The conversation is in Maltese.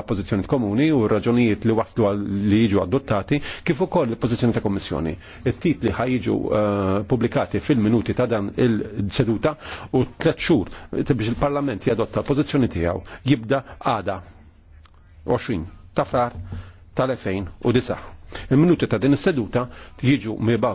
pożizzjoni komuni u raġunijiet li waslu li jiġu adottati kif ukoll il-pożizzjoni ta' kommissjoni. it li ħajġu eh, pubblikati fil-minuti ta' dan il-seduta u tlet xhur eh, biex il-Parlament jadotta l-pożizzjoni tiegħu jibda għada 20 ta' frar tal-2009. Il-minuti ta' din is-seduta jiġu mibaw